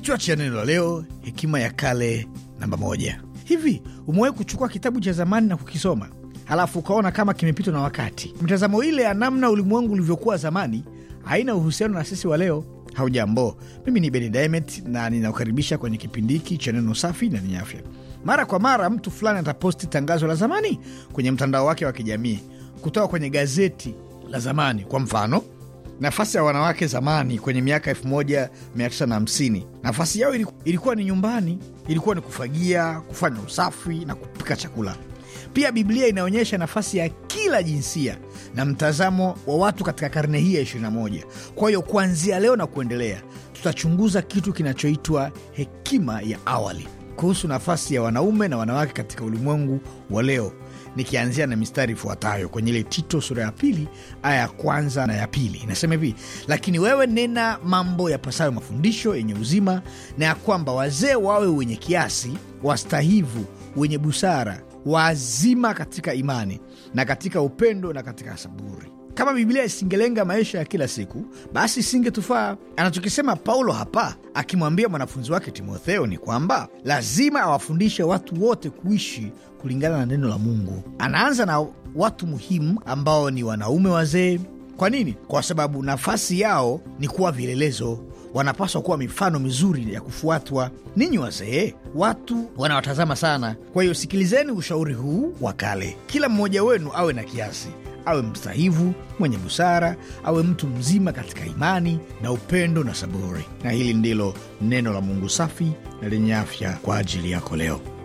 Kichwa cha neno la leo: hekima ya kale namba moja. Hivi umewahi kuchukua kitabu cha zamani na kukisoma halafu ukaona kama kimepitwa na wakati? Mtazamo ile ya namna ulimwengu ulivyokuwa zamani haina uhusiano na sisi wa leo. Haujambo, mimi ni Beni na ninakukaribisha kwenye kipindi hiki cha neno safi na lenye afya. Mara kwa mara mtu fulani ataposti tangazo la zamani kwenye mtandao wake wa kijamii kutoka kwenye gazeti la zamani, kwa mfano nafasi ya wanawake zamani kwenye miaka 1950 nafasi yao ilikuwa ni nyumbani, ilikuwa ni kufagia, kufanya usafi na kupika chakula. Pia Biblia inaonyesha nafasi ya kila jinsia na mtazamo wa watu katika karne hii ya 21. Kwa hiyo kuanzia leo na kuendelea, tutachunguza kitu kinachoitwa hekima ya awali kuhusu nafasi ya wanaume na wanawake katika ulimwengu wa leo, nikianzia na mistari ifuatayo kwenye ile Tito sura ya pili aya ya kwanza na ya pili. Inasema hivi: lakini wewe nena mambo yapasayo mafundisho yenye uzima, na ya kwamba wazee wawe wenye kiasi, wastahivu, wenye busara, wazima katika imani na katika upendo na katika saburi. Kama Biblia isingelenga maisha ya kila siku, basi isingetufaa. Anachokisema Paulo hapa akimwambia mwanafunzi wake Timotheo ni kwamba lazima awafundishe watu wote kuishi kulingana na neno la Mungu. Anaanza na watu muhimu ambao ni wanaume wazee. Kwa nini? Kwa sababu nafasi yao ni kuwa vielelezo wanapaswa kuwa mifano mizuri ya kufuatwa. Ninyi wazee, watu wanawatazama sana. Kwa hiyo sikilizeni ushauri huu wa kale, kila mmoja wenu awe na kiasi, awe mstahivu, mwenye busara, awe mtu mzima katika imani na upendo na saburi. Na hili ndilo neno la Mungu safi na lenye afya kwa ajili yako leo.